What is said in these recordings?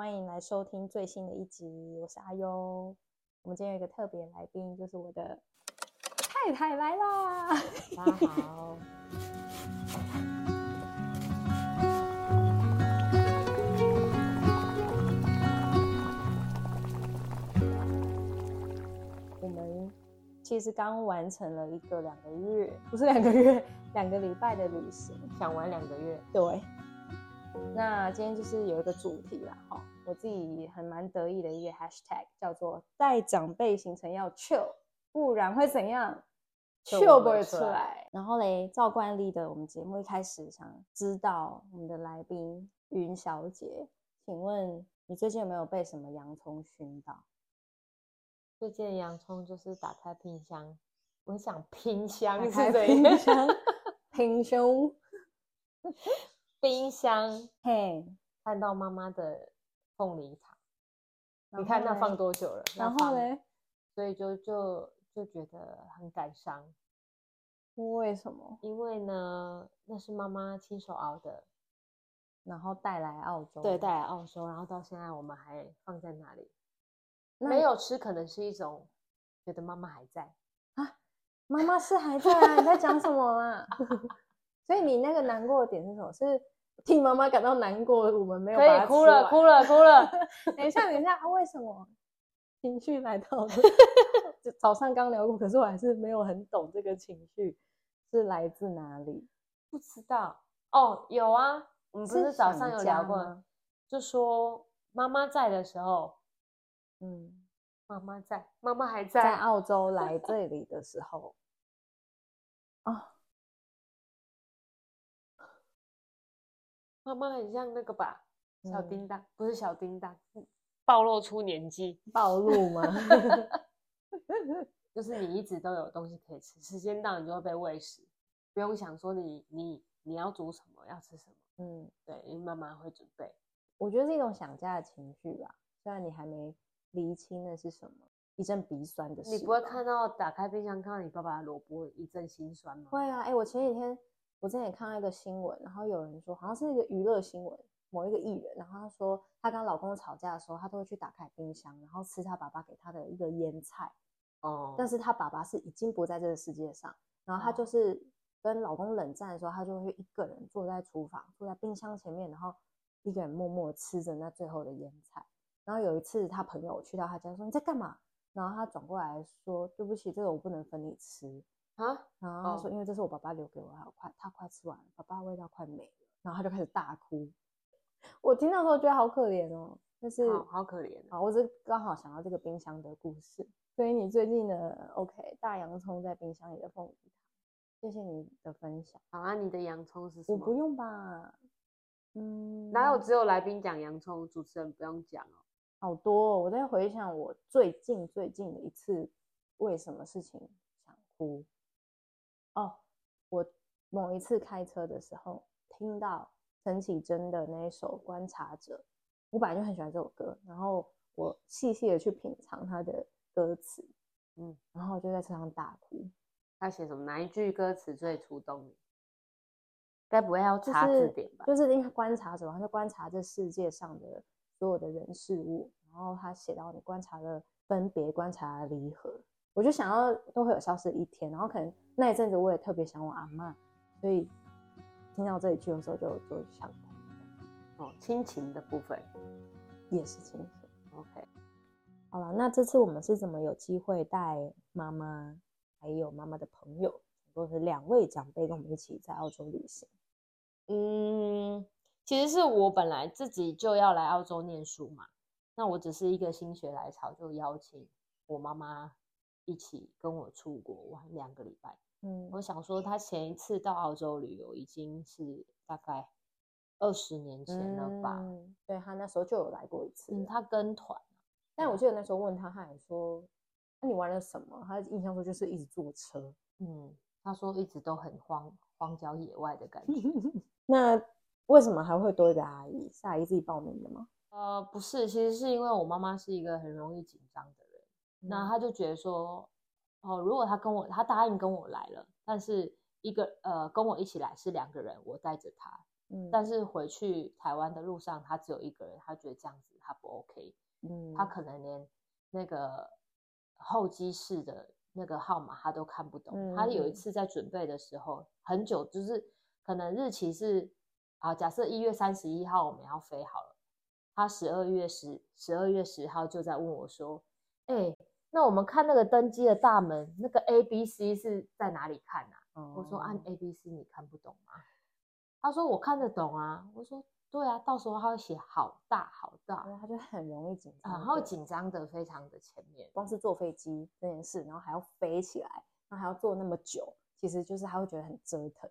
歡迎來收聽最新的一集，我是阿優。我們今天有一個特別來賓，就是我的太太來啦。 大家好。 我們其實剛完成了一個兩個月，不是兩個月，兩個禮拜的旅行，想玩兩個月。對。那今天就是有一個主題啦，哦、我自己很蠻得意的一個 hashtag 叫做“帶長輩行程要 chill”，不然會怎樣？chill 不出來。然後嘞，照慣例的，我們節目一開始想知道我們的來賓雲小姐，請問你最近有沒有被什麼洋蔥燻到？最近洋蔥就是打開冰箱，我想拼箱，是不是？拼箱，平胸。冰箱，嘿，Hey, 看到媽媽的鳳梨糖，你看那放多久了？然後呢？所以就就就覺得很感傷。為什麼？因為呢，那是媽媽親手熬的，然後帶來澳洲，對，帶來澳洲，然後到現在我們還放在那裡？那沒有吃，可能是一種覺得媽媽還在啊。媽媽是還在啊？ 你在講什麼啊？ 所以你那個難過的點是什麼？是替媽媽感到難過，我們沒有辦法哭了，哭了，哭了。 等一下，等一下，啊、為什麼情緒來到了？就 早上剛聊過，可是我還是沒有很懂這個情緒是來自哪裡，不知道。哦，有啊，我們不是早上有聊過，就說媽媽在的時候，嗯，媽媽在，媽媽還在、啊。在澳洲來這裡的時候，啊吧。哦媽媽很像那個吧，小叮噹、嗯、不是小叮噹，暴露出年紀，暴露嗎？ 就是你一直都有東西可以吃，時間到你就會被餵食，不用想說你你你要煮什麼要吃什麼，嗯，對，因為媽媽會準備。我覺得是一種想家的情緒吧、啊，雖然你還沒理清那是什麼，一陣鼻酸的事。你不會看到打開冰箱看到你爸爸的蘿蔔一陣心酸嗎？會啊，哎，我前幾天。我之前也看到一個新聞，然後有人說好像是一個娛樂新聞，某一個藝人，然後她說她跟她老公吵架的時候，她都會去打開冰箱，然後吃她爸爸給她的一個醃菜。哦。Oh. 但是她爸爸是已經不在這個世界上，然後她就是跟老公冷戰的時候，她、oh. 就會一個人坐在廚房，坐在冰箱前面，然後一個人默默吃着那最後的醃菜。然後有一次她朋友去到她家說你在幹嘛？然後她轉過來說對不起，這個我不能分你吃。啊，然後說，因為這是我爸爸留給我，還有快他快吃完了，爸爸味道快沒了，然後他就開始大哭。我聽到時候覺得好可憐哦，但是好，好可憐。好，我是剛好想到這個冰箱的故事，所以你最近的 OK 大洋蔥在冰箱裡的鳳梨糖，謝謝你的分享。好啊，你的洋蔥是什麼？我不用吧？嗯，哪有只有來賓講洋蔥，主持人不用講哦。好多哦，我在回想我最近最近的一次為什麼事情想哭。哦，我某一次開車的時候聽到陳綺貞的那一首《觀察者》，我本來就很喜歡這首歌，然後我細細的去品嘗他的歌詞，嗯，然後就在車上大哭。他寫什麼？哪一句歌詞最觸動你？該不會要查字典吧？就是，就是因為觀察者，他就觀察這世界上的所有的人事物，然後他寫到，你觀察了分別，觀察了離合，我就想要都會有消失一天，然後可能。那一陣子我也特別想我阿媽，所以聽到這一句的時候就就想，哦，親情的部分也是親情。OK，好了，那這次我們是怎麼有機會帶媽媽還有媽媽的朋友，一共是兩位長輩跟我們一起在澳洲旅行？嗯，其實是我本來自己就要來澳洲念書嘛，那我只是一個心血來潮，就邀請我媽媽一起跟我出國玩兩個禮拜。嗯，我想說，他前一次到澳洲旅遊已經是大概二十年前了吧？嗯、對他那時候就有來過一次、嗯，他跟團。但我記得那時候問他，他還說：“那對、啊、你玩了什麼？”他印象中就是一直坐車。嗯，他說一直都很荒荒郊野外的感覺。 那為什麼還會多一個阿姨？是阿姨自己報名的嗎？呃，不是，其實是因為我媽媽是一個很容易緊張的人，嗯、那他就覺得說。哦，如果他跟我，他答應跟我來了，但是一個呃，跟我一起來是兩個人，我帶着他，嗯，但是回去台灣的路上，他只有一個人，他覺得這樣子他不 OK，嗯，他可能連那個候機室的那個號碼他都看不懂，嗯，他有一次在準備的時候，嗯，很久，就是可能日期是啊，假設一月三十一號我們要飛好了，他十二月十十二月十號就在問我說，哎，欸。那我們看那個登機的大門，那個 A B C 是在哪裡看啊、嗯、我說按 A B C 你看不懂嗎？他說我看得懂啊。我說對啊，到時候他會寫好大好大，他就很容易緊張，嗯、他會緊張的非常的前面。對光是坐飛機這件事，然後還要飛起來，那還要坐那麼久，其實就是他會覺得很折騰。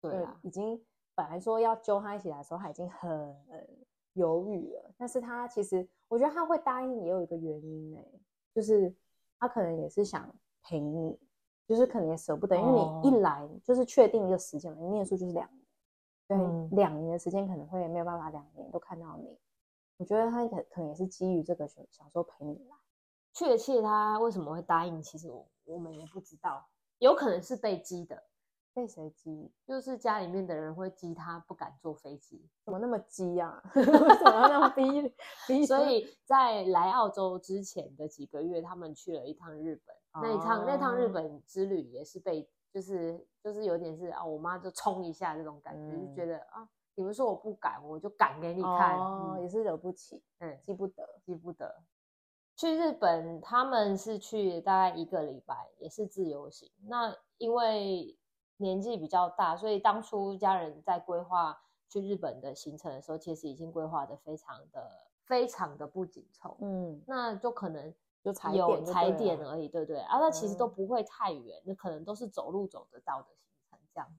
對啊，已經本來說要揪他一起來的時候，他已經很、嗯、猶豫了。但是他其實我覺得他會答應也有一個原因呢、欸。就是他可能也是想陪你，就是可能也捨不得，嗯、因為你一來就是確定一個時間嘛，你念書就是兩年，對，兩、嗯、年的時間可能會沒有辦法兩年都看到你，我覺得他可可能也是基於這個想說陪你來。確切他為什麼會答應，嗯、其實我我們也不知道，有可能是被激的。被誰激？就是家裡面的人會激他，不敢坐飛機。怎麼那麼激啊？為什麼要那麼激？所以在來澳洲之前的幾個月，他們去了一趟日本。哦、那一趟、那趟日本之旅也是被，就是、就是有點是啊、哦，我媽就衝一下這種感覺，就、嗯、覺得啊，你們說我不敢，我就敢給你看，哦嗯、也是惹不起，嗯，激不得，激不得。去日本他們是去大概一個禮拜，也是自由行。那因為。年紀比較大，所以當初家人在規劃去日本的行程的時候，其實已經規劃的非常的非常的不緊湊。嗯，那就可能就踩點而已，對不對，對，對？啊，那其實都不會太遠，那、嗯、可能都是走路走得到的行程這樣子。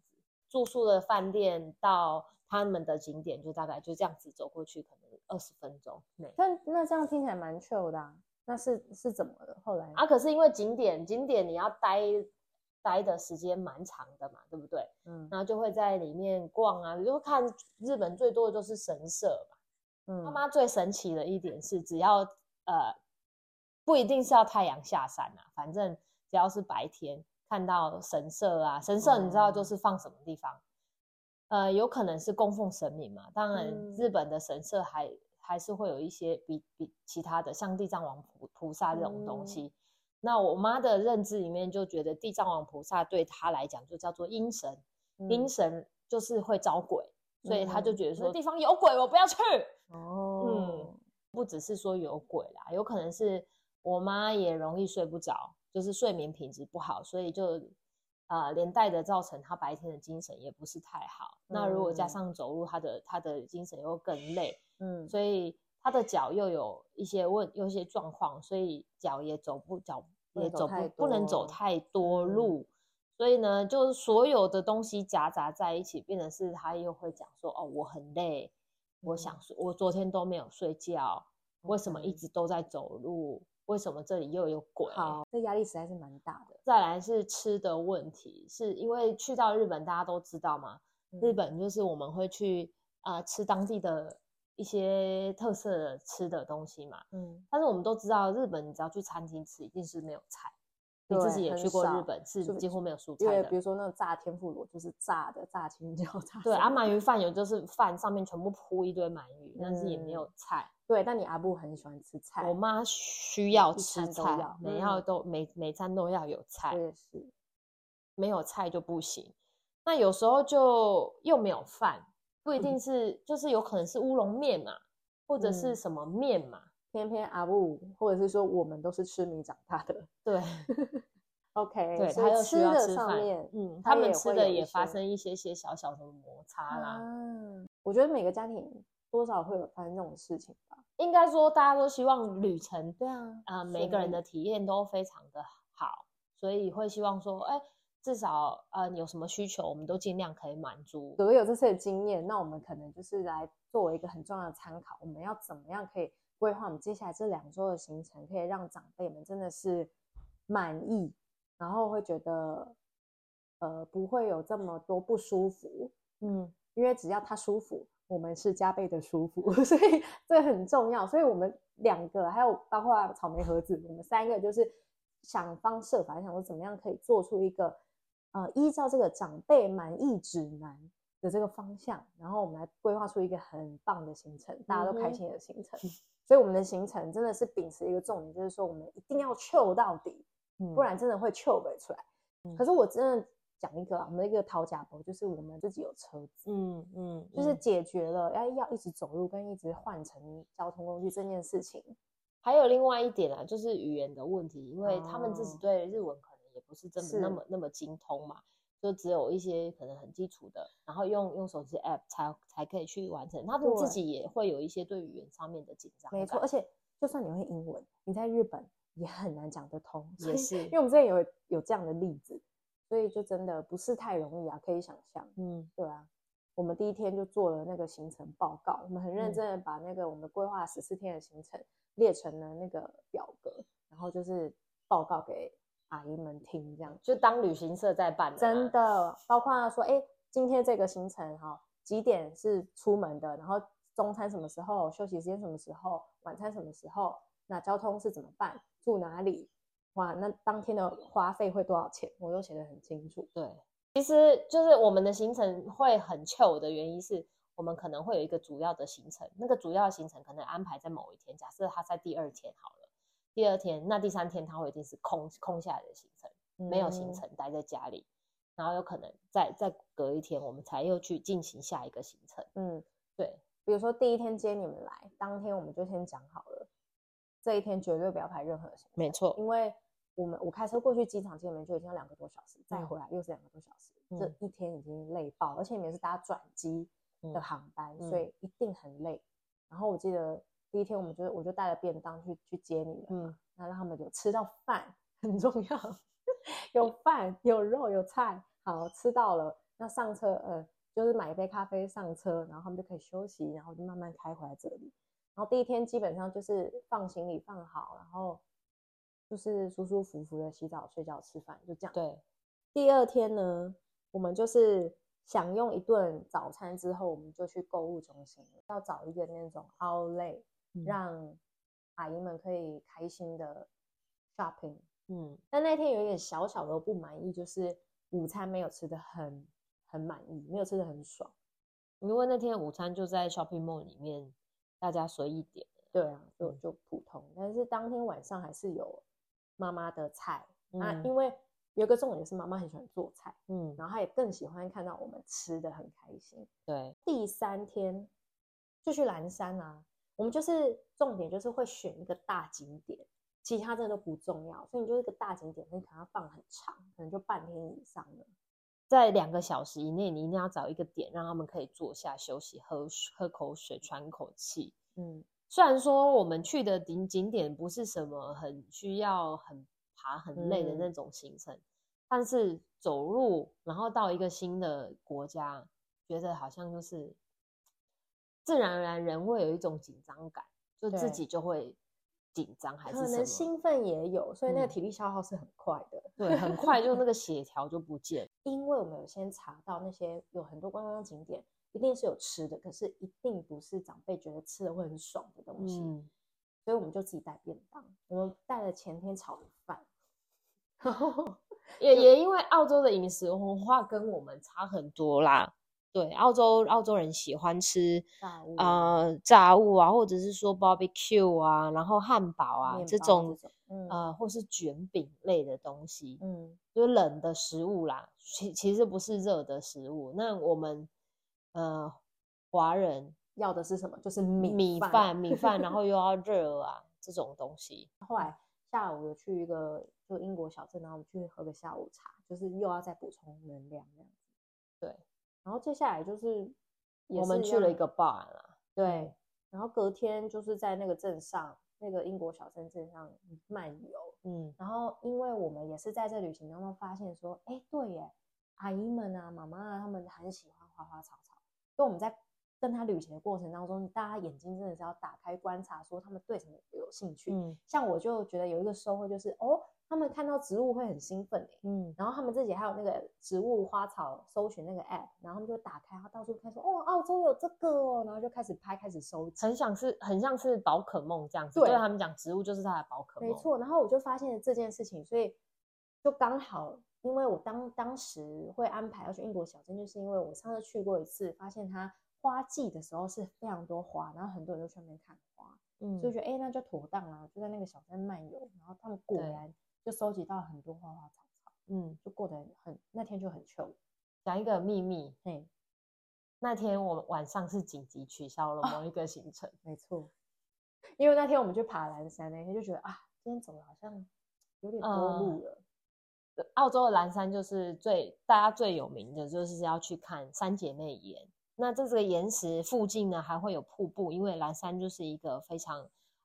住宿的飯店到他們的景點，就大概就這樣子走過去，可能二十分鐘。對，那這樣聽起來蠻 chill 的、啊，那是是怎麼的？後來啊，可是因為景點景點你要待。待的時間蠻長的嘛，對不對？嗯，然後就會在裡面逛啊，就會看日本最多的就是神社嘛。嗯，他媽最神奇的一點是，只要呃不一定是要太陽下山啊，反正只要是白天看到神社啊，神社你知道就是放什麼地方，嗯、呃，有可能是供奉神明嘛。當然，日本的神社還還是會有一些比比其他的，像地藏王菩菩薩這種東西。嗯那我媽的認知裡面就覺得地藏王菩薩對她來講就叫做陰神，嗯、陰神就是會招鬼，嗯、所以她就覺得這、嗯、地方有鬼，我不要去。哦、嗯嗯，不只是說有鬼啦，有可能是我媽也容易睡不着，就是睡眠品質不好，所以就、呃、連帶的造成她白天的精神也不是太好。嗯、那如果加上走路，她的她的精神又更累，嗯、所以。他的腳又有一些問，有一些狀況，所以腳也走不，腳也走不，不能走，不能走太多路。嗯、所以呢，就是所有的東西夾雜在一起，變成是他又會講說：“哦，我很累，嗯、我想說，我昨天都沒有睡覺，嗯、為什麼一直都在走路？為什麼這裡又有鬼？”好，這壓力實在是蠻大的。再來是吃的問題，是因為去到日本，大家都知道嘛，嗯、日本就是我們會去啊、呃，吃當地的。一些特色的吃的東西嘛，嗯，但是我們都知道，日本你只要去餐廳吃，一定是沒有菜。對你自己也去過日本，少是幾乎沒有蔬菜的。是是比如說那個炸天婦羅，就是炸的炸青椒，炸，對。阿鰻魚飯有，就是飯上面全部鋪一堆鰻魚，嗯、但是也沒有菜。對，但你阿布很喜歡吃菜。我媽需要吃菜，要每樣都、嗯、每每餐都要有菜，對是。沒有菜就不行。那有時候就又沒有飯。不一定是，嗯、就是有可能是烏龍麵嘛，或者是什麼麵嘛、嗯，偏偏阿布，或者是說我們都是吃米長大的，對，OK，對，還有吃的上面，嗯，他，他們吃的也發生一些些小小的摩擦啦、啊嗯。我覺得每個家庭多少會有發生這種事情吧。應該說大家都希望旅程，對啊，啊嗎、呃，每個人的體驗都非常的好，所以會希望說，哎、欸。至少呃，你有什麼需求，我們都盡量可以滿足。如果有這些經驗，那我們可能就是來作為一個很重要的參考。我們要怎麼樣可以規劃我們接下來這兩周的行程，可以讓長輩們真的是滿意，然後會覺得呃不會有這麼多不舒服。嗯，因為只要他舒服，我們是加倍的舒服，所以這很重要。所以我們兩個還有包括草莓盒子，我 們三個就是想方設法，想說怎麼樣可以做出一個。呃，依照這個長輩滿意指南的這個方向，然後我們來規劃出一個很棒的行程，大家都開心的行程。嗯、哼所以我們的行程真的是秉持一個重點，就是說我們一定要 chill 到底，嗯、不然真的會 chill 袂出來。嗯、可是我真的講一個、啊、我們的一個陶甲博，就是我們自己有車子，嗯嗯，嗯嗯就是解決了要要一直走路跟一直換乘交通工具這件事情。還有另外一點啊，就是語言的問題，因為他們自己對日文可能。哦也不是這麼那麼是那麼精通嘛，就只有一些可能很基礎的，然後用用手機 app 才才可以去完成。他們自己也會有一些對語言上面的緊張。沒錯，而且就算你會英文，你在日本也很難講得通，也是。因為我們之前有有這樣的例子，所以就真的不是太容易啊，可以想象。嗯，對啊，我們第一天就做了那個行程報告，我們很認真的把那個我們規劃14天的行程列成了那個表格，然後就是報告給。阿姨們聽，這樣就當旅行社在辦。真的，包括說，哎、欸，今天這個行程哈、哦，幾點是出門的？然後中餐什麼時候？休息時間什麼時候？晚餐什麼時候？那交通是怎麼辦？住哪裡？哇，那當天的花費會多少錢？我都寫得很清楚。對，其實就是我們的行程會很 chill 的原因是我們可能會有一個主要的行程，那個主要的行程可能安排在某一天。假設它在第二天好了。第二天，那第三天他會一定是空空下來的行程，嗯、沒有行程待在家裡，然後有可能再再隔一天，我們才又去進行下一個行程。嗯，對，比如說第一天接你們來，當天我們就先講好了，這一天絕對不要排任何的行程。沒錯，因為我們我開車過去機場接你們就已經要兩個多小時，嗯、再回來又是兩個多小時，嗯、這一天已經累爆，而且你們是搭轉機的航班，嗯、所以一定很累。然後我記得。第一天，我們就我就帶了便當去去接你了，嗯，那讓他們就吃到飯很重要， 有飯飯 有肉有菜，好吃到了。那上車，呃，就是買一杯咖啡上車，然後他們就可以休息，然後就慢慢開回來這裡。然後第一天基本上就是放行李放好，然後就是舒舒服服的洗澡、睡覺、吃飯，就這樣。對。第二天呢，我們就是享用一頓早餐之後，我們就去購物中心，要找一個那種 Outlet，讓阿姨們可以開心的 shopping，嗯，但那天有點小小的不滿意，就是午餐沒有吃得很很滿意，沒有吃得很爽，因為那天午餐就在 shopping mall 裡面，大家隨意點，對啊，就就普通，嗯、但是當天晚上還是有媽媽的菜，嗯啊、因為有個重點是媽媽很喜歡做菜，嗯，然後她也更喜歡看到我們吃得很開心，對，第三天就去藍山啊。我們就是重點，就是會選一個大景點，其他的都不重要。所以你就是一個大景點，你可能要放很長，可能就半天以上了。在兩個小時以內，你一定要找一個點，讓他們可以坐下休息，喝喝口水，喘口氣。嗯，雖然說我們去的景景點不是什麼很需要很爬很累的那種行程，嗯、但是走路然後到一個新的國家，覺得好像就是。自然而然，人會有一種緊張感，就自己就會緊張，對還是可能興奮也有，所以那個體力消耗是很快的，嗯、對，很快就那個血條就不見。 因為我們有先查到那些有很多觀光景點，一定是有吃的，可是一定不是長輩覺得吃的會很爽的東西，嗯、所以我們就自己帶便當，我們帶了前天炒的飯， 也對也因為澳洲的飲食文化跟我們差很多啦。對，澳洲澳洲人喜歡吃炸物意、呃，炸物啊，或者是說 barbecue 啊，然後漢堡啊面包 這種，嗯，啊、呃，或是捲餅類的東西，嗯，就是冷的食物啦，其其實不是熱的食物。那我們呃，華人要的是什麼？就是米飯、啊、米飯，米飯，然後又要熱啊 這種東西。後來下午有去一個就英國小鎮，然後我們去喝個下午茶，就是又要再補充能量，對。然後接下來就是，是我們去了一個 bar 了，對。然後隔天就是在那個鎮上，那個英國小鎮鎮上漫遊。嗯。然後，因為我們也是在這旅行當中發現說，哎，對耶，阿姨們啊、媽媽啊、他們很喜歡花花草草。所以我們在跟他旅行的過程當中，大家眼睛真的是要打開觀察，說他們對什麼有興趣。嗯。像我就覺得有一個收穫就是哦。他們看到植物會很興奮、欸、嗯，然後他們自己還有那個植物花草搜尋那個 app，然後他們就打開，然後到處看說，哦，澳洲有這個哦，然後就開始拍，開始搜，很想是很像是寶可夢這樣子，對，他們講植物就是他的寶可夢，沒錯。然後我就發現了這件事情，所以就剛好，因為我當當時會安排要去英國小鎮，就是因為我上次去過一次，發現它花季的時候是非常多花，然後很多人就去那邊看花，嗯，所以就覺得哎、欸，那就妥當了、啊，就在那個小鎮漫游，然後他們果然。就收集到很多花花草草，嗯，就過得很。那天就很糗。講一個秘密，嘿，那天我們晚上是緊急取消了某一個行程。哦、沒錯，因為那天我們就爬藍山，那天就覺得啊，今天走的好像有點多路了，嗯。澳洲的藍山就是最，大家最有名的就是要去看三姐妹岩。那這個岩石附近呢，還會有瀑布，因為藍山就是一個非常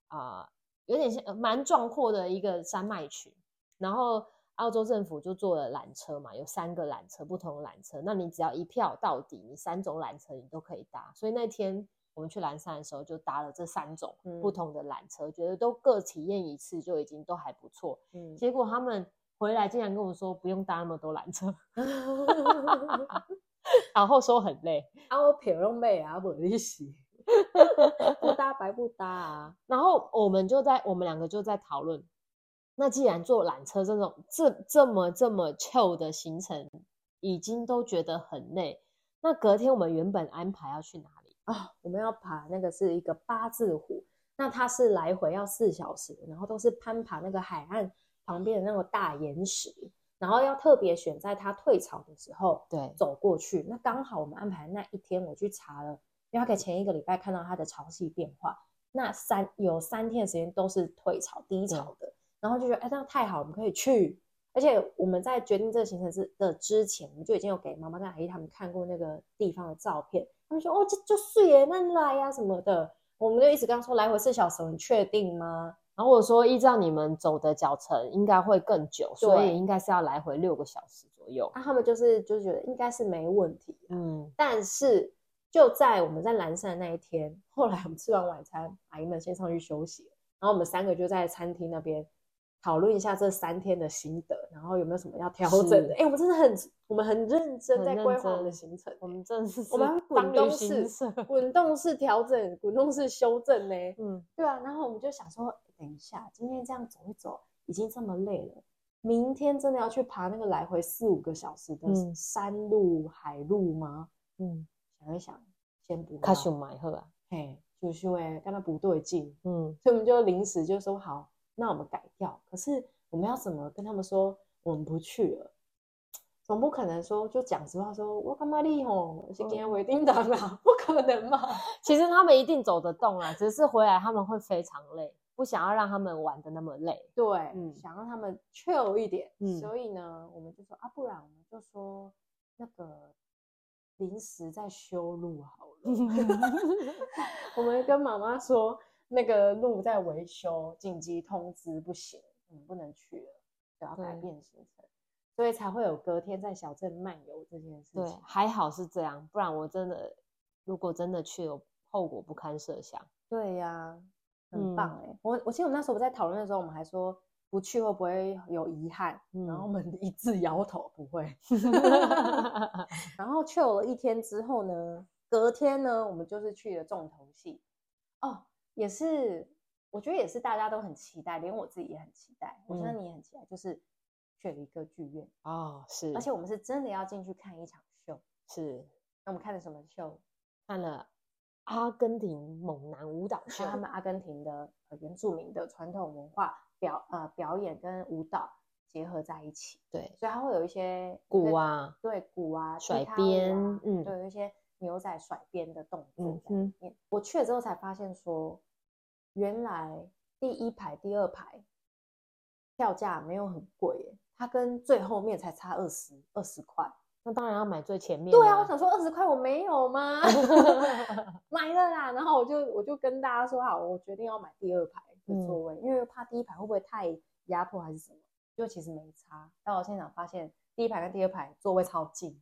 啊、呃，有點像蠻壯闊的一個山脈群。然後澳洲政府就做了纜車嘛，有三個纜車，不同的纜車。那你只要一票到底，你三種纜車你都可以搭。所以那天我們去藍山的時候，就搭了這三種不同的纜車，嗯、覺得都各體驗一次就已經都還不錯。嗯。結果他們回來竟然跟我說，不用搭那麼多纜車， 然後說很累。然後我票攏買啊，不離是 不搭白不搭啊。然後我們就在我們兩個就在討論。那既然坐纜車這種這這麼這麼 chill 的行程，已經都覺得很累。那隔天我們原本安排要去哪裡啊？我們要爬那個是一個八字湖，那它是來回要四小時，然後都是攀爬那個海岸旁邊的那個大岩石，然後要特別選在它退潮的時候，對走過去。對那剛好我們安排那一天，我去查了，因為可以前一個禮拜看到它的潮汐變化，那三有三天的時間都是退潮低潮的。嗯然後就覺得哎，這樣太好，我們可以去。而且我們在決定這個行程之的之前，我們就已經有給媽媽、跟阿姨他們看過那個地方的照片。他們說哦，這就水耶，那來呀、啊、什麼的。我們就一直剛說來回四小時，你確定嗎？然後我說依照你們走的腳程，應該會更久，對所以應該是要來回六個小時左右。那、啊、他們就是就覺得應該是沒問題、啊，嗯。但是就在我們在藍山的那一天，後來我們吃完晚餐，阿姨們先上去休息，然後我們三個就在餐廳那邊。討論一下這三天的心得，然後有沒有什麼要調整的？哎，我們真的很，我們很認真在規劃的行程，我們真的是我們滾動式滾動式調整、滾動式修正呢。嗯，對啊。然後我們就想說，等一下，今天這樣走一走已經這麼累了，明天真的要去爬那個來回四五個小時的山路、海路嗎？嗯，想一想，先不。卡修買喝啊，嘿，卡修剛剛不對勁，嗯，所以我們就臨時就說好。那我們改掉，可是我們要怎麼跟他們說？我們不去了，總不可能說就講實話說，說我嘛媽的我今天我一定到了，不可能嘛？其實他們一定走得動了， 只是回來他們會非常累，不想要讓他們玩得那麼累，對，嗯、想讓他們 chill 一點，嗯、所以呢，我們就說啊，不然我們就說那個臨時在修路，好了， 我們跟媽媽說。那個路在維修，緊急通知不行，嗯，不能去了，就要改變行程，嗯、所以才會有隔天在小鎮漫遊這件事情。對，還好是這樣，不然我真的如果真的去了，後果不堪設想。對呀、啊，很棒哎、欸嗯！我我記得我們那時候我在討論的時候，我們還說不去會不會有遺憾，嗯、然後我們一致搖頭，不會。 然後去了，一天之後呢，隔天呢，我們就是去了重頭戲哦。也是，我覺得也是，大家都很期待，連我自己也很期待。嗯、我覺得你也很期待，就是雪梨歌劇院，哦，是，而且我們是真的要進去看一場秀。是，那我們看了什麼秀？看了阿根廷猛男舞蹈秀，他們阿根廷的原住民的傳統文化表呃表演跟舞蹈結合在一起。對，所以他會有一些鼓、就是、啊，對，鼓啊，甩鞭、啊，嗯，有一些。牛仔甩鞭的動作。嗯哼我去了之後才發現說，說原來第一排，第二排票價沒有很貴耶，它跟最後面才差二十二十塊。那當然要買最前面啊。對啊，我想說二十塊我沒有嗎？ 買了啦。然後我就我就跟大家說好，我決定要買第二排的座位，嗯、因為怕第一排會不會太壓迫還是什麼。結果其實沒差，到了現場發現第一排跟第二排座位超近。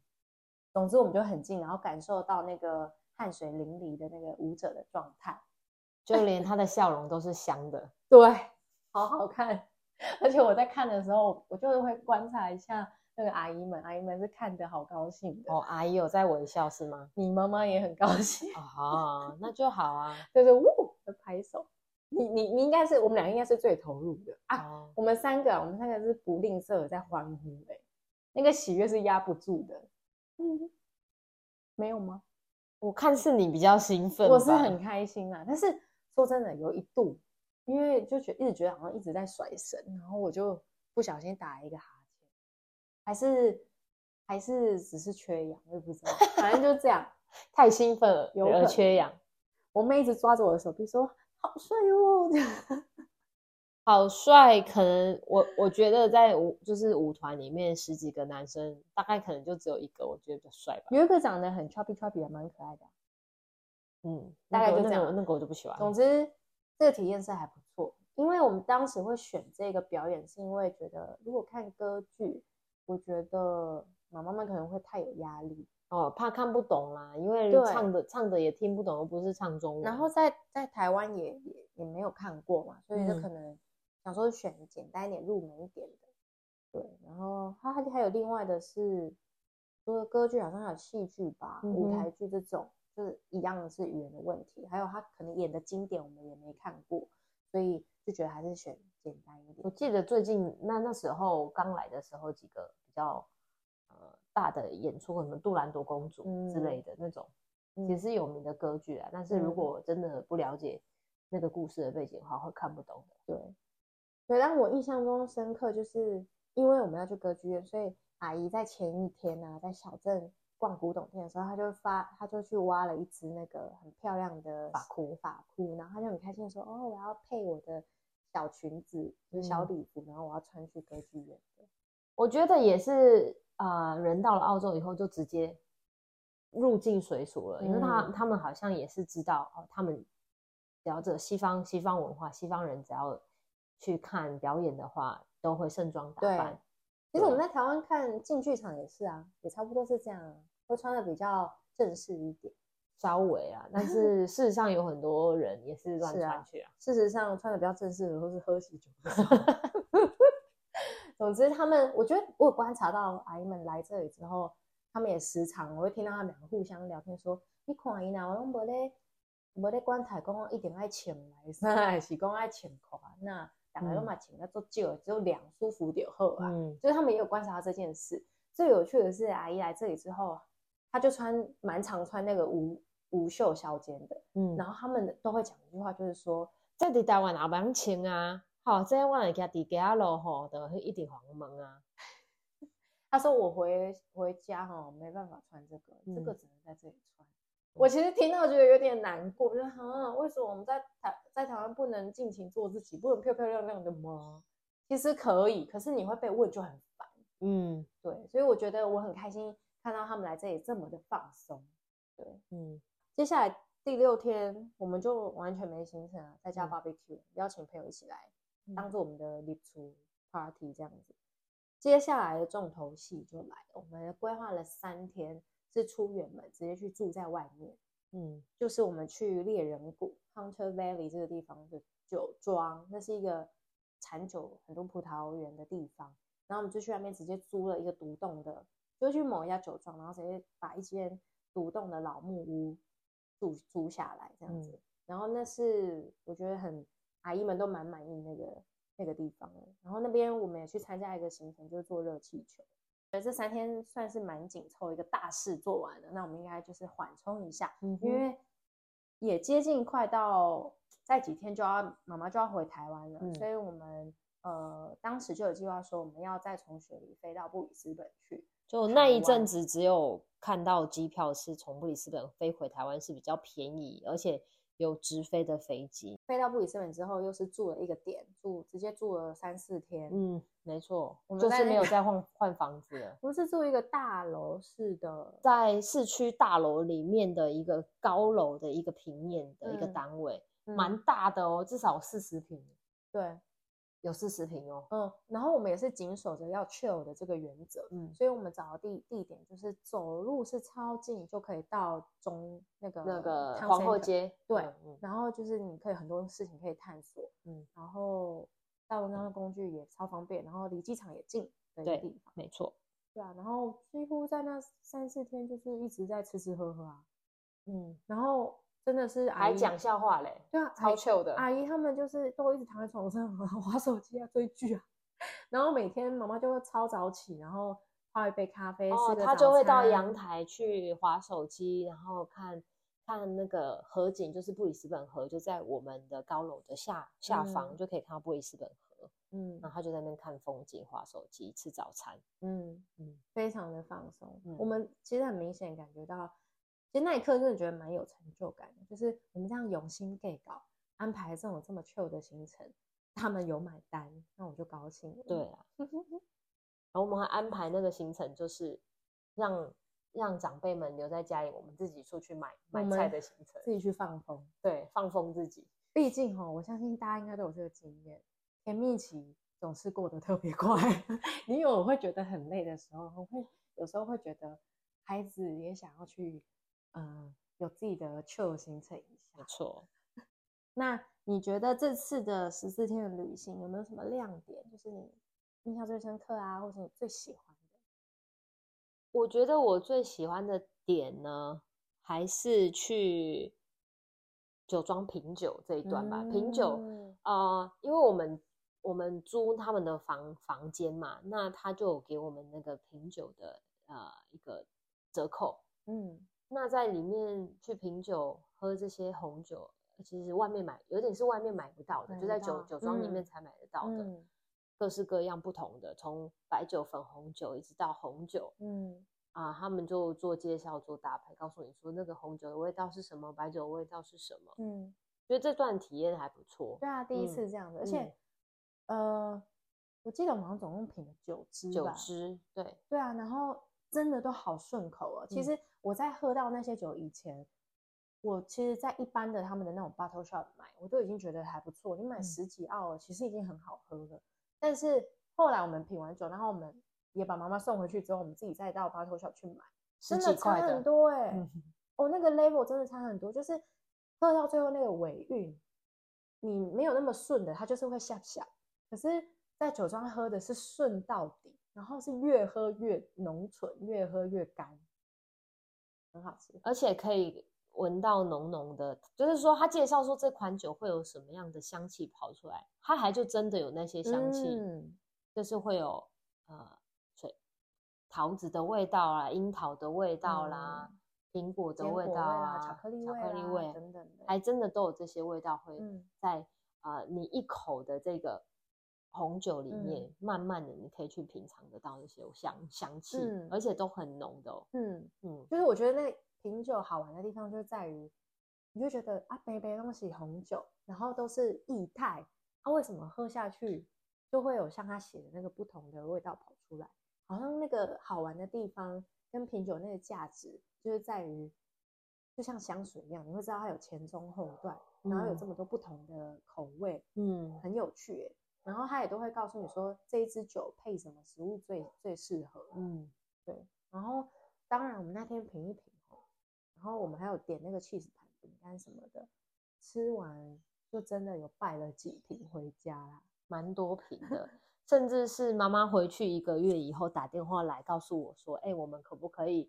總之，我們就很近，然後感受到那個汗水淋漓的那個舞者的狀態，就連他的笑容都是香的， 對，好好看。而且我在看的時候，我就是會觀察一下那個阿姨們，阿姨們是看得好高興的哦。阿姨有在微笑是嗎？你媽媽也很高興啊、哦，那就好啊， 就是嗚的拍手。你你你應該是我們兩個應該是最投入的、哦、啊。我們三個，哦、我們三個是不吝嗇的在歡呼哎，那個喜悅是壓不住的。嗯，沒有嗎？我看是你比較興奮，我是很開心啦。但是說真的，有一度，因為就覺一直覺得好像一直在甩繩，然後我就不小心打了一個哈欠，還是還是只是缺氧，我也不知道，反正就這樣， 太興奮了，有人缺氧。我妹一直抓着我的手臂說：“好帥哦！”好帥，可能我我覺得在舞就是舞團裡面十幾個男生，大概可能就只有一個我覺得比較帥吧。有一個長得很 chubby chubby，也蠻可愛的。嗯，大概就這樣。那個我就不喜歡。總之，這個體驗是還不錯，因為我們當時會選這個表演，是因為覺得如果看歌劇，我覺得媽媽們可能會太有壓力哦，怕看不懂啦，啊，因為唱的對唱的也聽不懂，又不是唱中文。然後在在台灣也也也沒有看過嘛，所以就可能，嗯。想說選簡單一點、入門一點的，對。然後他還還有另外的是，除了歌劇，好像還有戲劇吧，舞台劇這種，就是一樣的是語言的問題。還有他可能演的經典，我們也沒看過，所以就覺得還是選簡單一點、嗯。我記得最近那那時候剛來的時候，幾個比較呃大的演出，什麼《杜蘭朵公主》之類的那種，嗯、其實是有名的歌劇啊。嗯、但是如果真的不了解那個故事的背景的話，會看不懂的。對。對，但我印象中深刻，就是因為我們要去歌劇院，所以阿姨在前一天呢，在小鎮逛古董店的時候，她就發，她就去挖了一隻那個很漂亮的髮箍髮箍，然後她就很開心地說：“哦，我要配我的小裙子，小禮服，嗯、然後我要穿去歌劇院。”我覺得也是，啊、呃，人到了澳洲以後就直接入境隨俗了，嗯、因為他他們好像也是知道哦，他們聊着西方西方文化，西方人只要。去看表演的話，都會盛裝打扮。其實我們在台灣看進劇場也是啊，對也差不多是這樣啊，會穿的比較正式一點，稍微啊。但是事實上有很多人也是亂穿去啊， 啊。事實上穿的比較正式的，都是喝喜酒。 總之，他們我覺得我有觀察到阿姨、啊、們來這裡之後，他們也時常我會聽到他們兩個互相聊天說：“你看伊呢我攏無得，無得觀台，講一定愛請來，是講愛請客那。”兩個羅馬錢，那都舊，嗯、只有涼舒服就好啊。所以、嗯、他們也有觀察到這件事。最有趣的是阿姨來這裡之後，她就穿蠻常穿那個無無袖削肩的。嗯，然後他們都會講一句話，就是說：“這得台灣哪樣錢啊？好、哦，這件我來給他，給他老好的一頂黃帽啊。”他說：“我回回家哈，沒辦法穿這個，嗯、這個只能在這裡穿。”我其實聽到覺得有點難過，我覺得哼、啊、為什麼我們在台在台灣不能盡情做自己，不能漂漂亮亮的嗎？其實可以，可是你會被問就很煩。嗯，對，所以我覺得我很開心看到他們來這裡這麼的放鬆。對，嗯，接下來第六天我們就完全沒行程啊，在家 BBQ 邀請朋友一起來，當做我們的 l i v e to party 這樣子。嗯、接下來的重頭戲就來了，我們規劃了三天。是出遠門，直接去住在外面。嗯，就是我們去獵人谷 （Hunter Valley） 這個地方的酒莊，那是一個產酒很多葡萄園的地方。然後我們就去外面直接租了一個獨棟的，就去某一家酒莊，然後直接把一間獨棟的老木屋租，租，租下來這樣子。嗯，然後那是我覺得很阿姨們都蠻滿意那個那個地方的。然後那邊我們也去參加一個行程，就是坐熱氣球。所以這三天算是蠻緊湊，一個大事做完了，那我們應該就是緩衝一下，因為也接近快到再幾天就要媽媽就要回台灣了，嗯、所以我們呃當時就有計劃說我們要再從雪梨飛到布里斯本去，就那一陣子只有看到機票是從布里斯本飛回台灣是比較便宜，而且。有直飛的飛機，飛到布里斯本之後，又是住了一個點，住直接住了三四天。嗯，沒錯，就是沒有再換換房子了。不 是住一個大樓，是的，在市區大樓裡面的一個高樓的一個平面的一個單位，嗯、蠻大的哦，至少四十平、嗯嗯。對。有四十平哦，嗯，然後我們也是緊守着要確 l 的這個原則，嗯，所以我們找的地地點就是走路是超近就可以到中那個那個 Town Center, 皇后街，對，嗯、然後就是你可以很多事情可以探索，嗯，然後到那的工具也超方便，嗯、然後離機場也近，對地方對，沒錯，對啊，然後幾乎在那三四天就是一直在吃吃喝喝啊，嗯，然後。真的是還講笑話嘞，對啊，超糗的阿。阿姨他們就是都會一直躺在床上，滑手機啊，追劇啊， 然後每天媽媽就會超早起，然後泡一杯咖啡哦，她就會到陽台去滑手機，然後看，看那個河景，就是布里斯本河，就在我們的高樓的下下方就可以看到布里斯本河，嗯，然後她就在那邊看風景、滑手機、吃早餐，嗯嗯，非常的放鬆。嗯、我們其實很明顯感覺到。其實那一刻真的覺得蠻有成就感，就是我們這樣用心給搞安排這種這麼 chill 的行程，他們有買單，那我就高興了。對啊，嗯、 然後我們還安排那個行程，就是讓讓長輩們留在家裡，我們自己出去買買菜的行程，自己去放風。對，放風自己。畢竟哈，我相信大家應該都有這個經驗，甜蜜期總是過得特別快。你 有會覺得很累的時候，我會有時候會覺得孩子也想要去。嗯，有自己的 chill 成一下，沒錯。 那你覺得這次的十四天的旅行有沒有什麼亮點？就是你印象最深刻啊，或者你最喜歡的？我覺得我最喜歡的點呢，還是去酒莊品酒這一段吧。嗯、品酒啊、呃，因為我們我們租他們的房房間嘛，那他就給我們那個品酒的呃一個折扣，嗯。那在裡面去品酒喝這些紅酒，其實外面買有點是外面買不到的，到就在酒酒莊裡面才買得到的，各式、嗯嗯、各樣不同的，從白酒、粉紅酒一直到紅酒，嗯啊，他們就做介紹、做搭配，告訴你說那個紅酒的味道是什麼，白酒的味道是什麼，嗯，覺得這段體驗還不錯。對啊，第一次這樣子，嗯、而且，嗯、呃，我記得好像總共品了九支，九支，對對啊，然後真的都好順口啊、喔，嗯、其實。我在喝到那些酒以前，我其實，在一般的他們的那種 bottle shop 買，我都已經覺得還不錯。你買十幾澳，其實已經很好喝了。嗯、但是後來我們品完酒，然後我們也把媽媽送回去之後，我們自己再到 bottle shop 去買，十幾塊的真的差很多哎、欸。哦、嗯哼，oh, 那個 level 真的差很多。就是喝到最後那個尾韻，你沒有那麼順的，它就是會下下。可是，在酒莊喝的是順到底，然後是越喝越濃醇，越喝越乾。很好吃，而且可以聞到濃濃的，就是說他介紹說這款酒會有什麼樣的香氣跑出來，它還就真的有那些香氣，嗯、就是會有呃水，桃子的味道啦，櫻桃的味道啦，嗯，蘋果的味道啦，巧克力、巧克力味等等，啊、真的的還真的都有這些味道會在啊、嗯呃，你一口的這個。紅酒裡面，嗯、慢慢的，你可以去品嚐得到那些香香氣，嗯、而且都很濃的、哦。嗯嗯，嗯就是我覺得那品酒好玩的地方就在於，你會覺得啊，杯杯東西紅酒，然後都是液態，它、啊、為什麼喝下去就會有像他寫的那個不同的味道跑出來？好像那個好玩的地方跟品酒那個價值，就是在於，就像香水一樣，你會知道它有前中後段，然後有這麼多不同的口味，嗯，很有趣、欸。然後他也都會告訴你說，這一支酒配什麼食物最最適合。嗯，對。然後當然我們那天品一品，然後我們還有點那個 cheese 盤、餅乾什麼的。吃完就真的有帶了幾瓶回家啦，蠻多瓶的。 甚至是媽媽回去一個月以後打電話來告訴我說：“哎、欸，我們可不可以？”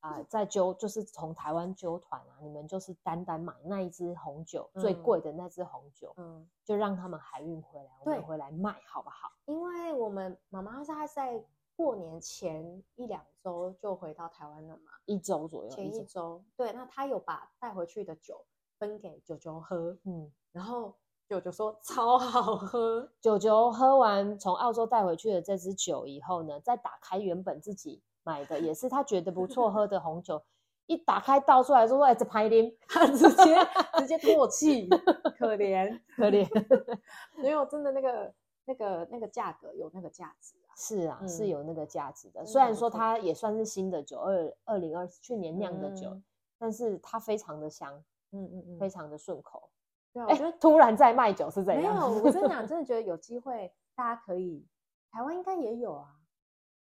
啊、呃，在揪，就是從台灣揪團啊，你們就是單單買那一支紅酒，嗯、最貴的那支紅酒，嗯，就讓他們海運回來，對我們回來賣好不好？因為我們媽媽她在過年前一兩周就回到台灣了嘛，一周左右，前一周，一週對，那她有把帶回去的酒分給九九喝，嗯，然後九九說超好喝。九九喝完從澳洲帶回去的這支酒以後呢，再打開原本自己。買的也是他覺得不錯喝的紅酒，一打開倒出來之後，哎，這排名他直接直接唾氣可憐可憐，沒有真的那個那個那個價格有那個價值啊。是啊，是有那個價值的。雖然說它也算是新的酒，二二零二四去年釀的酒，但是它非常的香，嗯嗯嗯，非常的順口。對，哎，突然在賣酒是這樣。沒有，我跟你講，真的覺得有機會，大家可以台灣應該也有啊。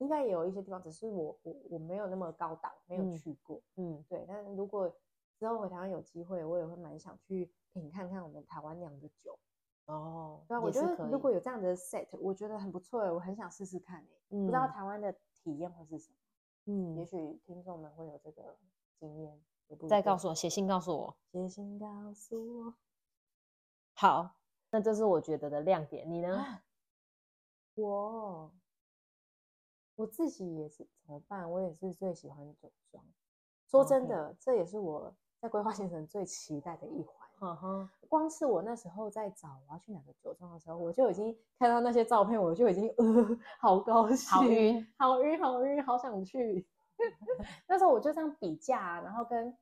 應該也有一些地方，只是我我我沒有那麼高檔，沒有去過。嗯，對。但如果之後回台灣有機會，我也會蠻想去品看看我們台灣釀的酒。哦，對，我覺得如果有這樣的 set，我覺得很不錯誒，我很想試試看誒。嗯，不知道台灣的體驗會是什麼。嗯，也許聽眾們會有這個經驗，不再告訴我，對寫信告訴我。寫信告訴我。好，那這是我覺得的亮點。你呢？啊？我。我自己也是怎麼辦？我也是最喜歡酒莊，說真的，Okay. 這也是我在規劃行程最期待的一環。嗯哼、uh，huh. 光是我那時候在找我要去哪個酒莊的時候，我就已經看到那些照片，我就已經呃，好高興，好暈暈，好暈，好想去。 那時候我就這樣比價，然後跟，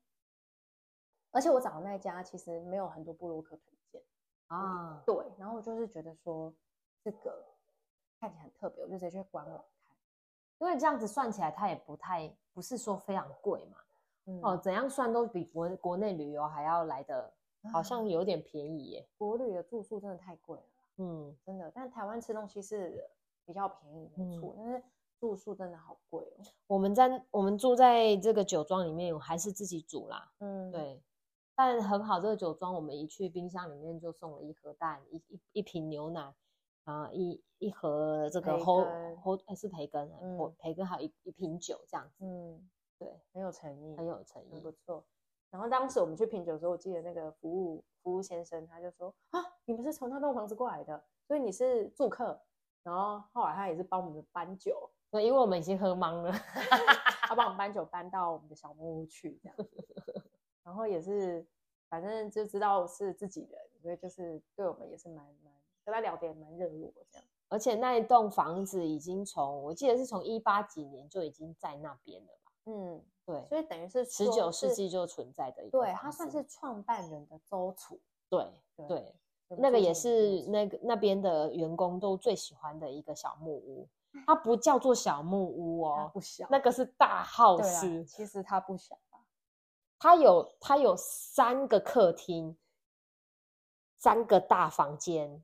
而且我找的那一家其實沒有很多部落客推薦啊，ah. 對，然後我就是覺得說這個看起來很特別，我就直接去官網。因為這樣子算起來，它也不太不是說非常貴嘛，嗯、哦，怎樣算都比國國內旅遊還要來得好像有點便宜耶、嗯。國旅的住宿真的太貴了，嗯，真的。但台灣吃東西是比較便宜，沒錯，嗯、但是住宿真的好貴哦。我們在我們住在這個酒莊裡面，我還是自己煮啦，嗯，對。但很好，這個酒莊我們一去，冰箱裡面就送了一盒蛋，一一一瓶牛奶。啊，一一盒這個猴根，火是培根，我、嗯、培根，還有一一瓶酒這樣子。嗯，對，很有誠意，很有誠意，不錯。然後當時我們去品酒的時候，我記得那個服務服務先生他就說啊，你們是從那棟房子過來的，所以你是住客。然後後來他也是幫我們搬酒，對，因為我們已經喝茫了， 他幫我們搬酒搬到我們的小木屋去。這樣子。 然後也是，反正就知道是自己人，所以就是對我們也是蠻蠻。跟他聊得也蠻熱絡的，這樣。而且那一棟房子已經從我記得是從一八幾年就已經在那邊了吧？嗯，對，所以等於是十九世紀就存在的。對，它算是創辦人的周楚。對對，那個也是那個那邊的員工都最喜歡的一個小木屋。它不叫做小木屋哦，不小，那個是大 house。e 其實它不小啊，它有它有三個客廳，三個大房間。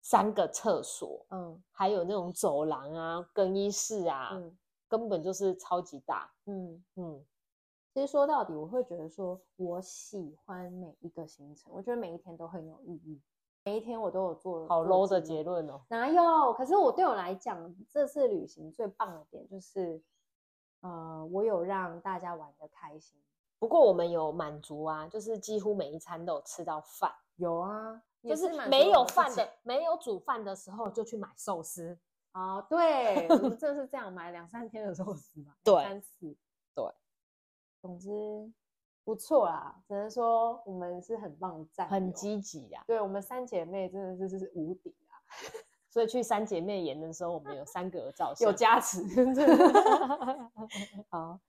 三個廁所，嗯，還有那種走廊啊，更衣室啊，嗯，根本就是超級大，嗯嗯。嗯，其實說到底，我會覺得說我喜歡每一個行程，我覺得每一天都很有意義，每一天我都有做。好 low 的結論哦，哪有？可是我對我來講，這次旅行最棒的點就是，呃，我有讓大家玩得開心。不過我們有滿足啊，就是幾乎每一餐都有吃到飯。有啊，就是沒有飯的，的沒有煮飯的時候就去買壽司。哦，對， 我們真的是這樣買兩三天的壽司嘛。對，三次。對，總之不錯啦，只能說我們是很棒，在很積極呀、啊。對我們三姐妹真的是是無敵啊， 所以去三姐妹演的時候，我們有三個造型， 有加持。 好，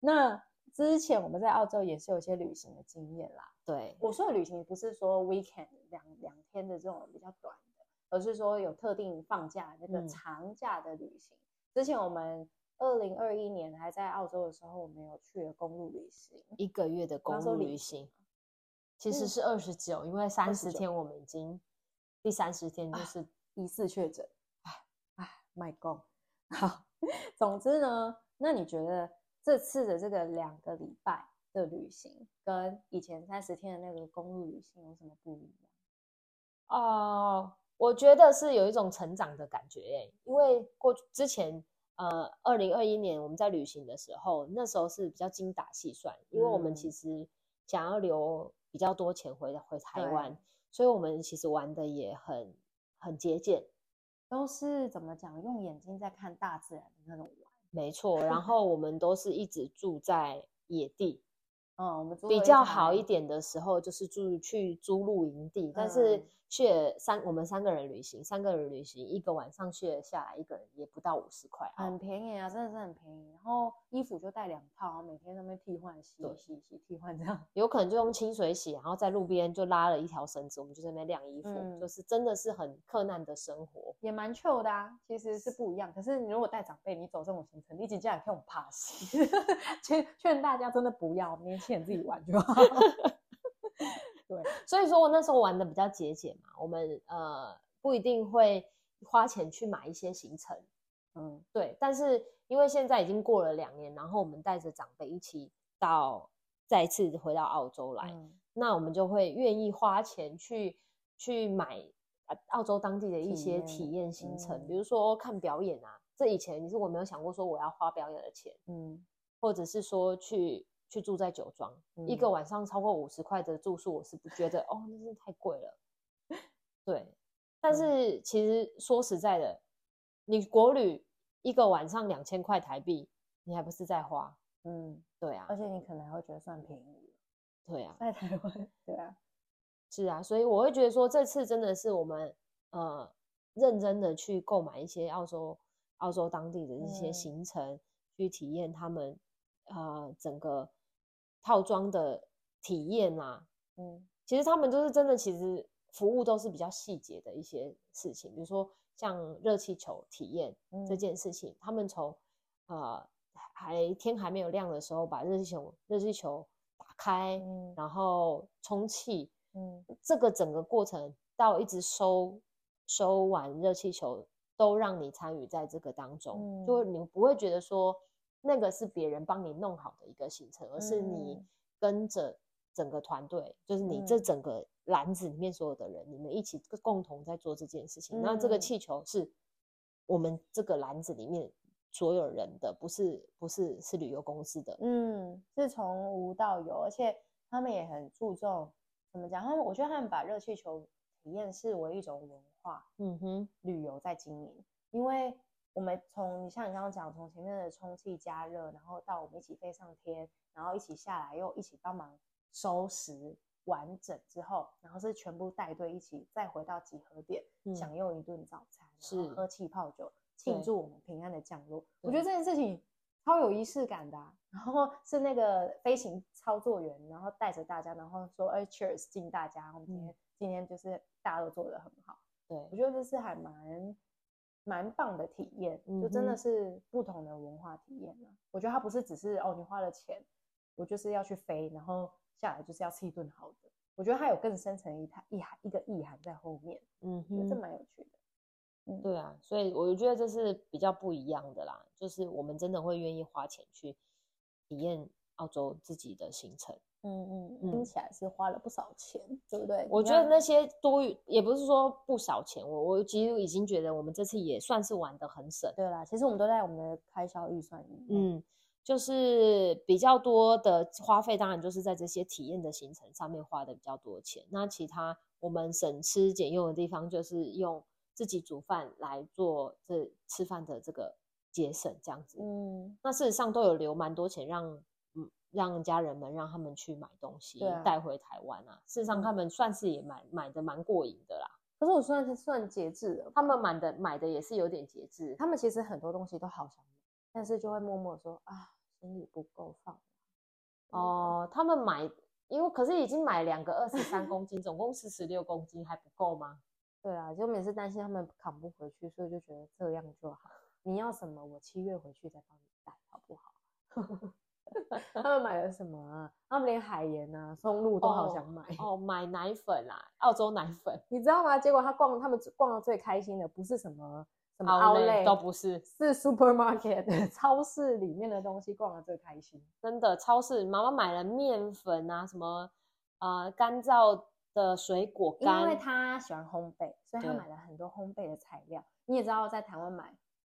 那。之前我們在澳洲也是有一些旅行的經驗啦。對，我說的旅行不是說 weekend 兩兩天的這種比較短的，而是說有特定放假那個長假的旅行。嗯，之前我們二零二一年還在澳洲的時候，我們有去了公路旅行，一個月的公路旅行，旅行其實是二十九，因為三十天我們已經第三十天就是疑似確診，哎，My God！好，總之呢，那你覺得？這次的這個兩個禮拜的旅行，跟以前三十天的那個公路旅行有什麼不一樣？哦，uh, 我覺得是有一種成長的感覺誒，因為過之前，呃，二零二一年我們在旅行的時候，那時候是比較精打細算，嗯，因為我們其實想要留比較多錢回回台灣，對所以我們其實玩的也很很節儉，都是怎麼講，用眼睛在看大自然的那種玩。沒錯，然後我們都是一直住在野地， 嗯，比較好一點的時候就是住去租露營地，嗯、但是。去三，我們三個人旅行，三個人旅行，一個晚上去了下來，一個人也不到五十塊，很便宜啊，真的是很便宜。然後衣服就帶兩套，每天在那邊替換洗對洗洗替換這樣，有可能就用清水洗，然後在路邊就拉了一條繩子，我們就在那邊晾衣服，嗯、就是真的是很克難的生活，也蠻糗的啊。其實是不一樣，可是你如果帶長輩，你走這種行程，你請假也不用 pass。勸 勸大家，真的不要年輕人自己玩就好。 所以說我那時候玩的比較節儉嘛，我們呃不一定會花錢去買一些行程，嗯，對。但是因為現在已經過了兩年，然後我們帶着長輩一起到再次回到澳洲來，嗯、那我們就會願意花錢去去買澳洲當地的一些體驗行程，嗯、比如說看表演啊，這以前如果沒有想過說我要花表演的錢，嗯，或者是說去。去住在酒莊，嗯、一個晚上超過五十塊的住宿，我是不覺得 哦，那是太貴了。對，但是其實說實在的，你國旅一個晚上兩千塊台幣，你還不是在花。嗯，對啊，而且你可能還會覺得算便宜。對啊，對啊，在台灣，對啊，是啊，所以我會覺得說，這次真的是我們呃，認真的去購買一些澳洲澳洲當地的一些行程，嗯、去體驗他們。呃，整個套裝的體驗啊，嗯，其實他們都是真的，其實服務都是比較細節的一些事情，比如說像熱氣球體驗這件事情，嗯，他們從呃還天還沒有亮的時候把熱氣球熱氣球打開，嗯，然後充氣，嗯，這個整個過程到一直收收完熱氣球都讓你參與在這個當中，嗯，就你不會覺得說。那個是別人幫你弄好的一個行程，而是你跟着整個團隊，嗯、就是你這整個籃子裡面所有的人，嗯、你們一起共同在做這件事情。嗯、那這個氣球是我們這個籃子裡面所有人的，不是不是是旅遊公司的，嗯，是從無到有，而且他們也很注重怎麼講，他們我覺得他們把熱氣球體驗視為一種文化，嗯哼，旅遊在經營，因為。我們從你像你剛剛講，從前面的充氣加熱，然後到我們一起飛上天，然後一起下來又一起幫忙收拾完整之後，然後是全部帶隊一起再回到集合點，嗯、享用一頓早餐，是然後喝氣泡酒慶祝我們平安的降落。對我覺得這件事情超有儀式感的、啊。對然後是那個飛行操作員，然後帶着大家，然後說：“哎，Cheers，敬大家！我們今天、嗯、今天就是大家都做得很好。對”對，我覺得這是還蠻。蠻棒的體驗，就真的是不同的文化體驗、啊嗯、哼我覺得它不是只是哦，你花了錢，我就是要去飛，然後下來就是要吃一頓好的。我覺得它有更深層的意涵，一個意涵在後面。嗯，這蠻有趣的。嗯哼嗯、對啊，所以我覺得這是比較不一樣的啦，就是我們真的會願意花錢去體驗澳洲自己的行程。嗯嗯，聽起來是花了不少錢，嗯、對不對？我覺得那些多餘，也不是說不少錢。我我其實已經覺得我們這次也算是玩的很省，對啦，其實我們都在我們的開銷預算裡面。嗯，嗯就是比較多的花費，當然就是在這些體驗的行程上面花的比較多錢。那其他我們省吃儉用的地方，就是用自己煮飯來做這吃飯的這個節省，這樣子。嗯，那事實上都有留蠻多錢讓讓家人們讓他們去買東西、啊、帶回台灣啊！事實上，他們算是也買買的蠻過癮的啦。可是我算是算節制的，他們買的買的也是有點節制。他們其實很多東西都好想買，但是就會默默說啊，心裡不夠放。哦，嗯、他們買，因為可是已經買兩個二十三公斤， 總共四十六公斤，還不夠嗎？對啊，就每次擔心他們扛不回去，所以就覺得這樣就好。你要什麼，我七月回去再幫你帶，好不好？ 他們買了什麼、啊？他們連海鹽啊松露都好想買哦，oh, oh, 買奶粉啊，澳洲奶粉，你知道嗎？結果他逛，他們逛的最開心的不是什麼什麼 outlet 都不是，是 supermarket 超市裡面的東西逛的最開心。真的，超市媽媽買了面粉啊，什麼呃、乾燥的水果乾，因為他喜歡烘焙，所以他買了很多烘焙的材料。嗯、你也知道，在台灣買。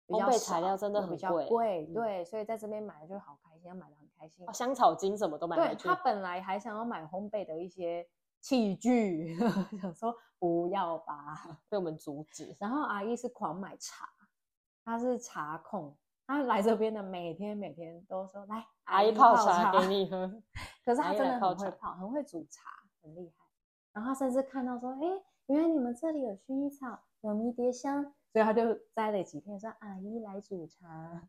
烘焙材料真的很貴，貴。嗯、對，所以在這邊買了就好開心，要買的很開心、哦。香草精什麼都買。對，他本來還想要買烘焙的一些器具，呵呵，想說不要吧、啊，被我們阻止。然後阿姨是狂買茶，她是茶控，她來這邊的每天每天都說，來阿姨，阿姨泡茶給你喝，可是她真的很會泡，泡很會煮茶，很厲害。然後甚至看到說，哎、欸，原來你們這裡有薰衣草，有迷迭香。所以他就待了幾天說，說阿姨來煮茶，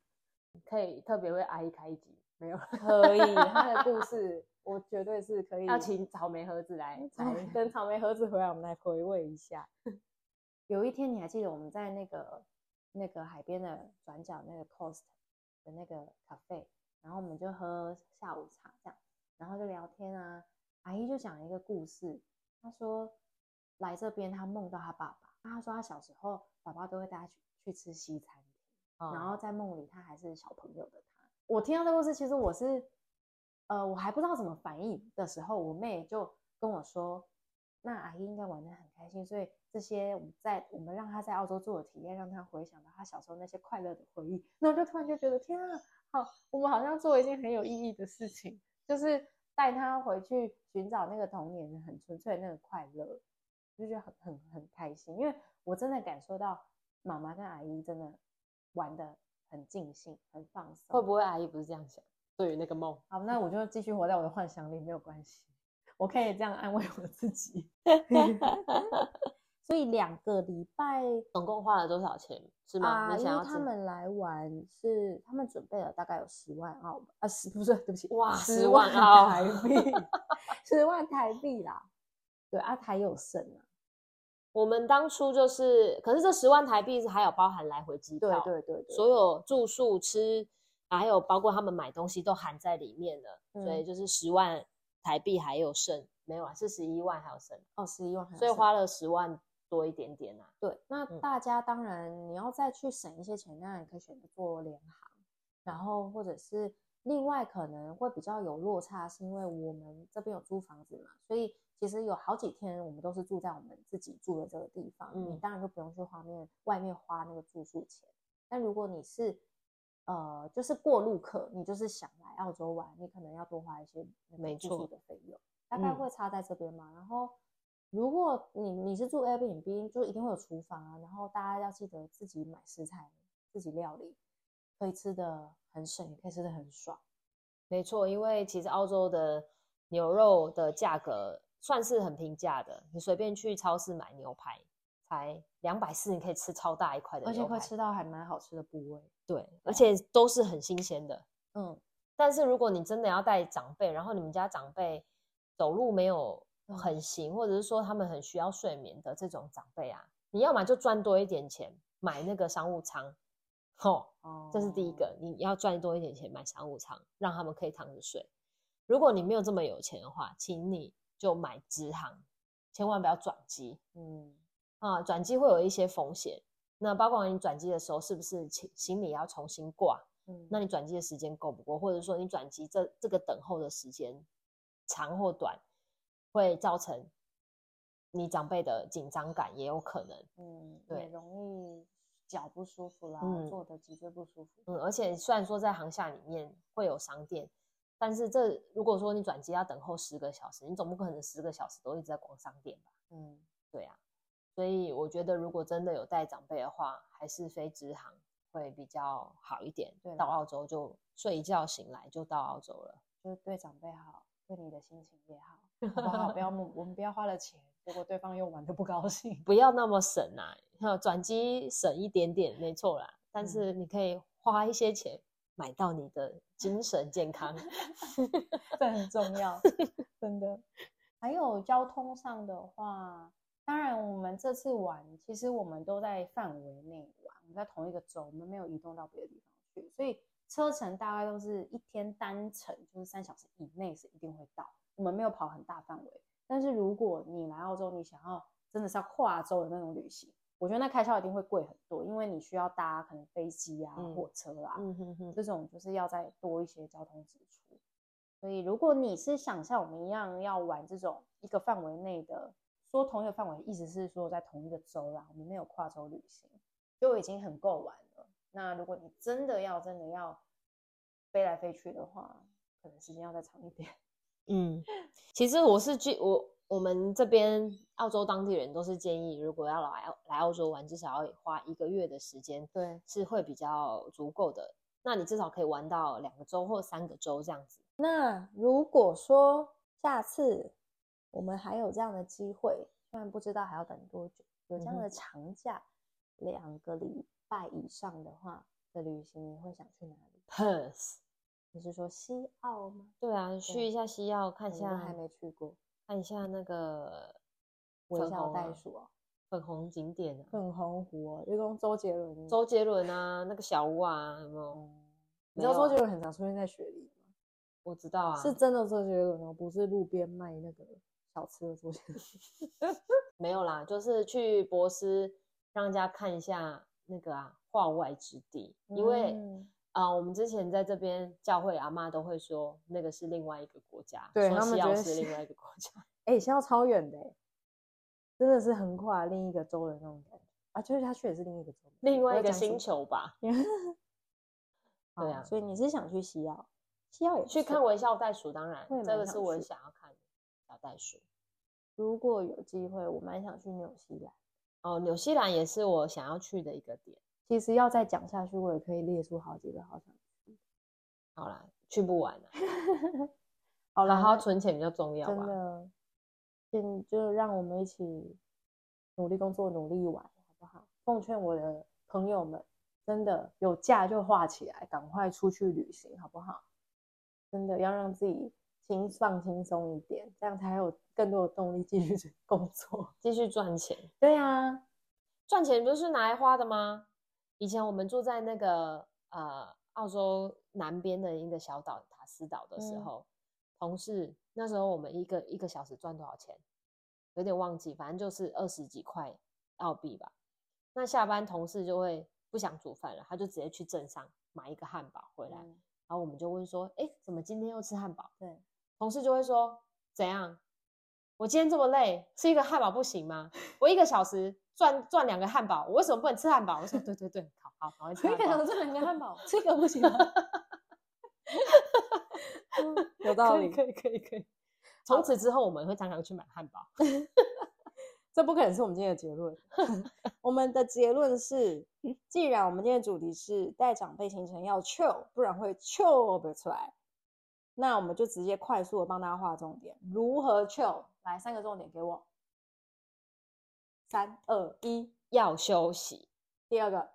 可以特別為阿姨開一集沒有？可以， 他的故事我絕對是可以邀請草莓盒子來，草莓啊、等草莓盒子回來，我們來回味一下。 有一天你還記得我們在那個那個海邊的轉角那個 cost 的那個 cafe，然後我們就喝下午茶這樣，然後就聊天啊，阿姨就講一個故事，她說來這邊她夢到她爸爸，她說她小時候。爸爸都會帶他去去吃西餐，哦、然後在夢裡他還是小朋友的他。我聽到這個故事，其實我是呃我還不知道怎麼反應的時候，我妹就跟我說：“那阿姨應該玩得很開心。”所以這些我們在我們讓他在澳洲做的體驗，讓他回想到他小時候那些快樂的回憶，然後就突然就覺得天啊，好，我們好像做了一件很有意義的事情，就是帶他回去尋找那個童年的很純粹的那個快樂，就是很很很開心，因為。我真的感受到媽媽跟阿姨真的玩的很盡興、很放鬆。會不會阿姨不是這樣想？對於那個夢，好，那我就繼續活在我的幻想裡，沒有關係。我可以這樣安慰我自己。 所以兩個禮拜總共花了多少錢？是嗎？然後、啊、他們來玩是他們準備了大概有十萬澳啊，十不是對不起，哇，十萬澳，十萬台幣， 十萬台幣啦。對，阿、啊、台有剩了。我們當初就是，可是這十萬台幣是還有包含來回機票，對對對，對對對，所有住宿吃，還有包括他們買東西都含在裡面的，嗯、所以就是十萬台幣還有剩，沒有啊，是十一萬還有剩，哦，十一萬還有剩，所以花了十萬多一點點吶、啊。對，嗯、那大家當然你要再去省一些錢，那你可以選擇做聯航，然後或者是另外可能會比較有落差，是因為我們這邊有租房子嘛，所以。其實有好幾天，我們都是住在我們自己住的這個地方，嗯、你當然就不用去外面外面花那個住宿錢。但如果你是呃，就是過路客，你就是想來澳洲玩，你可能要多花一些沒住宿的費用，沒錯、大概會差在這邊嘛。嗯、然後如果你你是住 Airbnb，就一定會有廚房啊。然後大家要記得自己買食材，自己料理，可以吃得很省，也可以吃得很爽。沒錯，因為其實澳洲的牛肉的價格。算是很平價的，你隨便去超市買牛排，才兩百四，你可以吃超大一塊的牛排，而且會吃到還蠻好吃的部位。對，對，而且都是很新鮮的。嗯，但是如果你真的要帶長輩，然後你們家長輩走路沒有很行，或者是說他們很需要睡眠的這種長輩啊，你要麼就賺多一點錢買那個商務艙，哦，哦，這是第一個，你要賺多一點錢買商務艙，讓他們可以躺着睡。如果你沒有這麼有錢的話，請你。就買直航，千萬不要轉機。嗯，啊，轉機會有一些風險。那包括你轉機的時候，是不是行李要重新掛？嗯，那你轉機的時間夠不夠？或者說你轉機這這個等候的時間長或短，會造成你長輩的緊張感也有可能。嗯，對，容易腳不舒服啦、啊，嗯、坐的脊椎不舒服嗯。嗯，而且雖然說在航廈裡面會有商店。但是這，如果說你轉機要等候十個小時，你總不可能十個小時都一直在逛商店吧？嗯，對呀、啊。所以我覺得，如果真的有帶長輩的話，還是飛直航會比較好一點。對了，到澳洲就睡一覺醒來就到澳洲了。就對長輩好，對你的心情也好。好，不好，不要 我們不要花了錢，結果對方又玩得不高興。不要那麼省啊，要轉機省一點點沒錯啦，但是你可以花一些錢。嗯買到你的精神健康， 這很重要，真的。還有交通上的話，當然我們這次玩，其實我們都在範圍內玩，在同一個州，我們沒有移動到別的地方去，所以車程大概都是一天單程，就是三小時以內是一定會到。我們沒有跑很大範圍，但是如果你來澳洲，你想要真的是要跨州的那種旅行。我覺得那開銷一定會貴很多，因為你需要搭可能飛機啊、嗯、火車啊，嗯、哼哼這種就是要再多一些交通支出。所以如果你是想像我們一樣要玩這種一個範圍內的，說同一個範圍，意思是說在同一個州啦、啊，我們沒有跨州旅行，就已經很夠玩了。那如果你真的要真的要飛來飛去的話，可能時間要再長一點。嗯，其實我是去我。我們這邊澳洲當地人都是建議，如果要來澳來澳洲玩，至少要花一個月的時間，對，是會比較足夠的。那你至少可以玩到兩個周或三個周這樣子。那如果說下次我們還有這樣的機會，雖然不知道還要等多久，有這樣的長假，兩個禮拜以上的話的旅行，你會想去哪裡？Perth。你是說西澳嗎？對啊，去對一下西澳，看現在還沒去過。看一下那個、啊、小袋鼠啊，粉紅景點、啊、粉紅湖啊，就周杰倫，周杰倫啊，那個小屋啊有沒有、嗯，你知道周杰倫很常出現在雪裡嗎？我知道啊，是真的周杰倫哦、啊，不是路邊賣那個小吃的周杰倫， 沒有啦，就是去博斯讓人家看一下那個啊化外之地，因為。啊，uh, 我們之前在這邊教會阿媽都會說，那個是另外一個國家，對，西澳是另外一個國家。哎，西澳超遠的，真的是橫跨另一個州的那種感覺。啊，就是他去也是另一個州，另外一個星球吧？對啊，所以你是想去西澳？西澳也去看微笑袋鼠，當然，對這個是我想要看的小袋鼠。如果有機會，我蠻想去紐西蘭。哦，紐西蘭也是我想要去的一個點。其實要再講下去，我也可以列出好幾個好想去。好啦，去不完了，啊、 好啦，然後存錢比較重要吧。真的，先就讓我們一起努力工作，努力玩，好不好？奉勸我的朋友們，真的有假就花起來，趕快出去旅行，好不好？真的要讓自己輕放輕鬆一點，這樣才有更多的動力繼續工作，繼續賺錢。對啊，賺錢不是拿來花的嗎？以前我們住在那個呃澳洲南邊的一個小島塔斯島的時候，嗯、同事那時候我們一個一個小時賺多少錢，有點忘記，反正就是二十幾塊澳幣吧。那下班同事就會不想煮飯了，他就直接去鎮上買一個漢堡回來，嗯、然後我們就問說：“哎，怎麼今天又吃漢堡？”對，同事就會說：“怎樣？”我今天這麼累，吃一個漢堡不行嗎？我一個小時賺賺兩個漢堡，我為什麼不能吃漢堡？我說對對對，好好，可以可以，賺兩個漢堡，這個不行嗎？ 有道理，可以，可以可以可以。從此之後，我們會常常去買漢堡。吧這不可能是我們今天的結論。 我們的結論是，既然我們今天的主題是帶長輩行程要 chill，不然會 chill 不出來，那我們就直接快速的幫大家畫重點：如何 chill？來三個重點給我。三二一，要休息。第二個，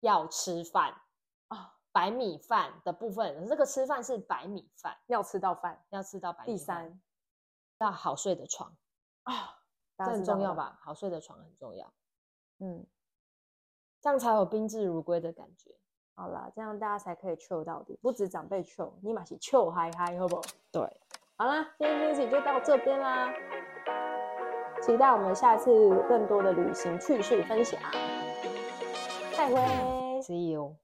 要吃飯啊、哦，白米飯的部分，這個吃飯是白米飯，要吃到飯，要吃到白米飯。第三，要好睡的床啊，哦、這很重要吧？好睡的床很重要。嗯，這樣才有賓至如歸的感覺。好啦，這樣大家才可以 chill 到底，不止長輩 chill，你嘛是 chill 嗨嗨，好不好？對。好啦，今天分享就到這邊啦，期待我們下次更多的旅行趣事分享。拜拜，See you。